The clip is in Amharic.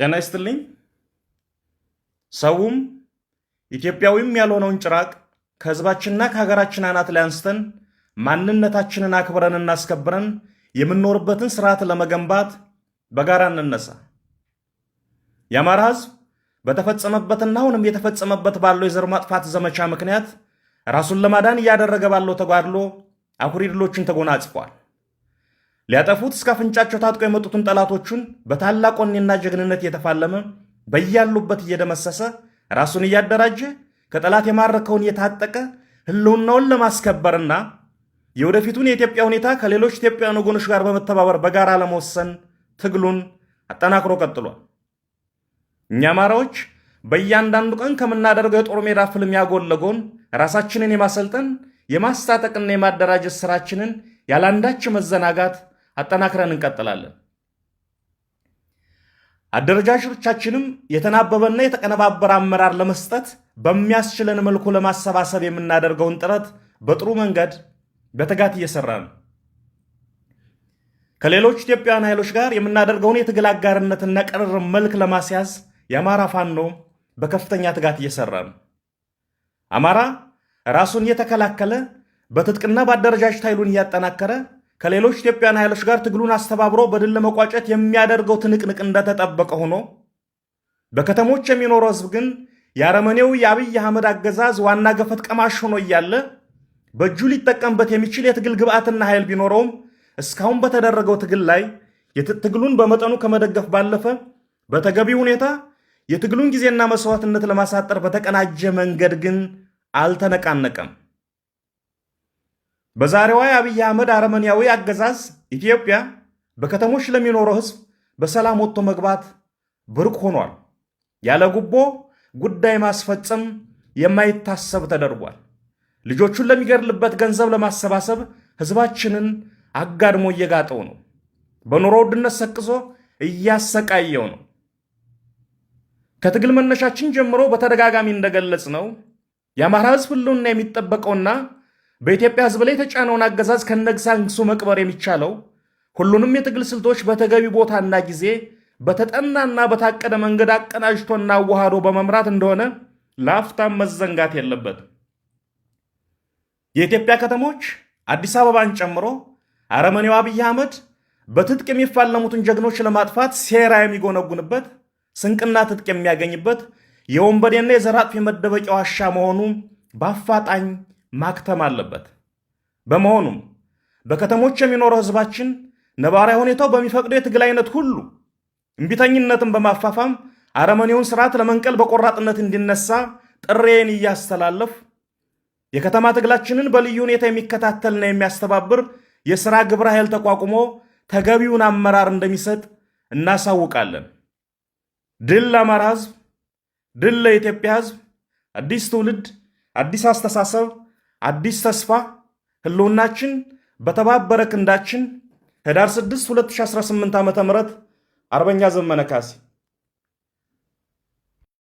ጤና ይስጥልኝ። ሰውም ኢትዮጵያዊም ያልሆነውን ጭራቅ ከህዝባችንና ከሀገራችን አናት ላይ አንስተን ማንነታችንን አክብረን እናስከብረን የምንኖርበትን ስርዓት ለመገንባት በጋራ እንነሳ። የአማራ ህዝብ በተፈጸመበትና አሁንም የተፈጸመበት ባለው የዘር ማጥፋት ዘመቻ ምክንያት ራሱን ለማዳን እያደረገ ባለው ተጓድሎ አኩሪ ድሎችን ተጎናጽፏል። ሊያጠፉት እስከ አፍንጫቸው ታጥቆ የመጡትን ጠላቶቹን በታላቅ ወኔና ጀግንነት እየተፋለመ በያሉበት እየደመሰሰ ራሱን እያደራጀ ከጠላት የማረከውን እየታጠቀ ህልውናውን ለማስከበርና የወደፊቱን የኢትዮጵያ ሁኔታ ከሌሎች ኢትዮጵያውያን ወገኖች ጋር በመተባበር በጋራ ለመወሰን ትግሉን አጠናክሮ ቀጥሏል። እኛ አማራዎች በእያንዳንዱ ቀን ከምናደርገው የጦር ሜዳ ፍልሚያ ጎን ለጎን ራሳችንን የማሰልጠን የማስታጠቅና የማደራጀት ስራችንን ያለአንዳች መዘናጋት አጠናክረን እንቀጥላለን። አደረጃጀቶቻችንም የተናበበና የተቀነባበረ አመራር ለመስጠት በሚያስችለን መልኩ ለማሰባሰብ የምናደርገውን ጥረት በጥሩ መንገድ በትጋት እየሰራ ነው። ከሌሎች ኢትዮጵያውያን ኃይሎች ጋር የምናደርገውን የትግል አጋርነትና ቅርርብ መልክ ለማስያዝ የአማራ ፋኖ በከፍተኛ ትጋት እየሰራ ነው። አማራ ራሱን እየተከላከለ በትጥቅና በአደረጃጀት ኃይሉን እያጠናከረ ከሌሎች ኢትዮጵያን ኃይሎች ጋር ትግሉን አስተባብሮ በድል ለመቋጨት የሚያደርገው ትንቅንቅ እንደተጠበቀ ሆኖ በከተሞች የሚኖረው ህዝብ ግን የአረመኔው የአብይ አህመድ አገዛዝ ዋና ገፈት ቀማሽ ሆኖ እያለ በእጁ ሊጠቀምበት የሚችል የትግል ግብአትና ኃይል ቢኖረውም እስካሁን በተደረገው ትግል ላይ ትግሉን በመጠኑ ከመደገፍ ባለፈ በተገቢ ሁኔታ የትግሉን ጊዜና መስዋዕትነት ለማሳጠር በተቀናጀ መንገድ ግን አልተነቃነቀም። በዛሬዋ የአብይ አህመድ አረመንያዊ አገዛዝ ኢትዮጵያ በከተሞች ለሚኖረው ሕዝብ በሰላም ወጥቶ መግባት ብርቅ ሆኗል። ያለ ጉቦ ጉዳይ ማስፈጸም የማይታሰብ ተደርጓል። ልጆቹን ለሚገድልበት ገንዘብ ለማሰባሰብ ህዝባችንን አጋድሞ እየጋጠው ነው። በኑሮ ውድነት ሰቅዞ እያሰቃየው ነው። ከትግል መነሻችን ጀምሮ በተደጋጋሚ እንደገለጽ ነው የአማራ ህዝብ ህልውና የሚጠበቀውና በኢትዮጵያ ህዝብ ላይ የተጫነውን አገዛዝ ከነግሳንግሱ መቅበር የሚቻለው ሁሉንም የትግል ስልቶች በተገቢ ቦታና ጊዜ በተጠናና በታቀደ መንገድ አቀናጅቶና አዋህዶ በመምራት እንደሆነ ለአፍታም መዘንጋት የለበትም። የኢትዮጵያ ከተሞች አዲስ አበባን ጨምሮ አረመኔው አብይ አህመድ በትጥቅ የሚፋለሙትን ጀግኖች ለማጥፋት ሴራ የሚጎነጉንበት ስንቅና ትጥቅ የሚያገኝበት የወንበዴና የዘራጥፍ የመደበቂያ ዋሻ መሆኑ በአፋጣኝ ማክተም አለበት። በመሆኑም በከተሞች የሚኖረው ህዝባችን ነባራዊ ሁኔታው በሚፈቅደው የትግል አይነት ሁሉ እምቢተኝነትን በማፋፋም አረመኔውን ስርዓት ለመንቀል በቆራጥነት እንዲነሳ ጥሬን እያስተላለፍ የከተማ ትግላችንን በልዩ ሁኔታ የሚከታተልና የሚያስተባብር የሥራ ግብረ ኃይል ተቋቁሞ ተገቢውን አመራር እንደሚሰጥ እናሳውቃለን። ድል ለአማራ ህዝብ፣ ድል ለኢትዮጵያ ህዝብ። አዲስ ትውልድ፣ አዲስ አስተሳሰብ አዲስ ተስፋ ህልውናችን በተባበረ ክንዳችን ህዳር 6 2018 ዓ ም አርበኛ ዘመነ ካሴ